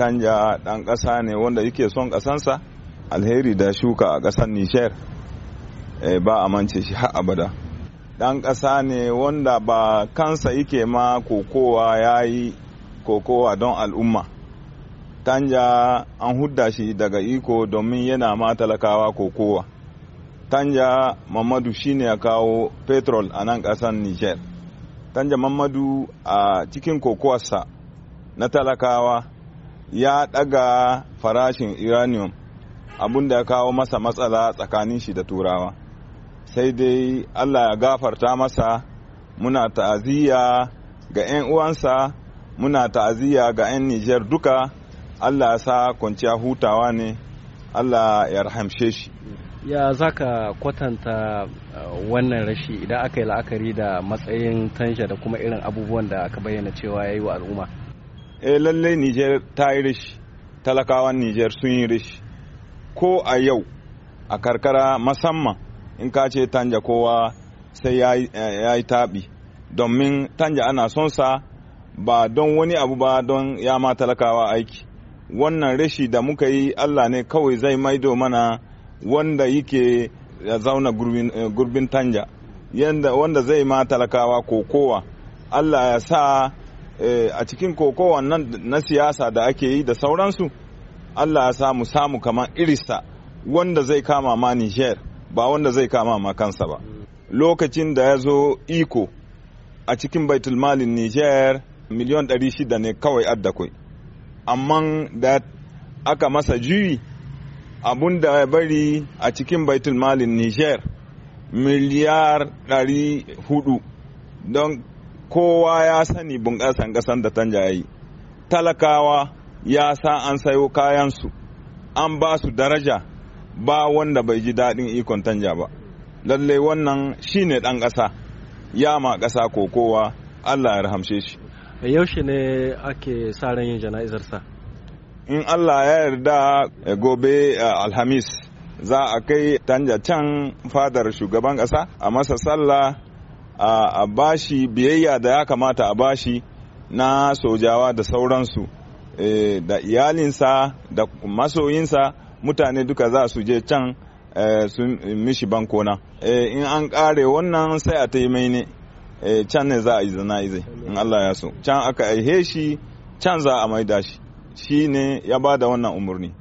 tanja dan ƙasa ne wanda yake son ƙasansa alheri da shuka a ƙasar nishar eh, ba a mance shi har abada dan ƙasa ne wanda ba kansa yake ma kokowa ya yi kokowa don al'umma tanja an hudda shi daga iko domin yana ma talakawa kokowa tanja mamadu shine ya kawo petrol a nan ƙasar niger tanja mamadu a cikin kokowarsa na talakawa ya daga farashin uranium abun da ya kawo masa matsala tsakanin shi da turawa sai dai allah ya gafarta masa muna ta'aziyya ga 'yan uwansa muna ta'aziyya ga 'yan nijar duka allah ya sa kwanciya hutawa ne allah ya rahamshe shi ya za ka kwatanta uh, wannan rashi idan aka yi la'akari da matsayin tanja da kuma irin abubuwan da aka bayyana cewa ya yi wa al'umma eh lallai niger ta yi rishi talakawan niger sun yi rishi ko a yau a karkara musamman in ka ce tanja kowa sai eh, ya yi taɓi domin tanja ana son sa ba don wani abu ba don ya ma talakawa aiki wannan rashi da muka yi allah ne kawai zai maido mana wanda yake ya zauna gurbin eh, tanja wanda zai ma talakawa ko kowa allah ya sa Eh, a cikin kokowan nan na siyasa da ake yi da sauransu allah ya samu samu kamar irisa wanda zai kama ma niger ba wanda zai kama ma kansa ba lokacin da ya zo iko a cikin malin niger miliyon 600 ne kawai addakwai amma da aka masa juyi abun da ya bari a cikin baitul malin niger miliyar 400 don kowa ya sani bunƙasan ƙasan da tanja yayi talakawa ya sa an sayo kayansu an ba su daraja ba wanda bai ji daɗin ikon tanja ba lalle wannan shi ne ɗan ƙasa ya ma ƙasa ko kowa allah ya rahamshe shi yaushe ne ake sa ran yin jana'izarsa in allah ya yarda eh, gobe eh, alhamis za a kai tanja can fadar shugaban ƙasa a masa sallah a bashi biyayya da ya kamata a bashi na sojawa da sauransu e, da iyalinsa da masoyinsa mutane duka za su je can e, su mishi bankona e, in an kare wannan sai a taimai ne can ne za a yi zana izai in Allah ya so can aka aihe shi can za a maida shi shi ne ya ba da wannan umarni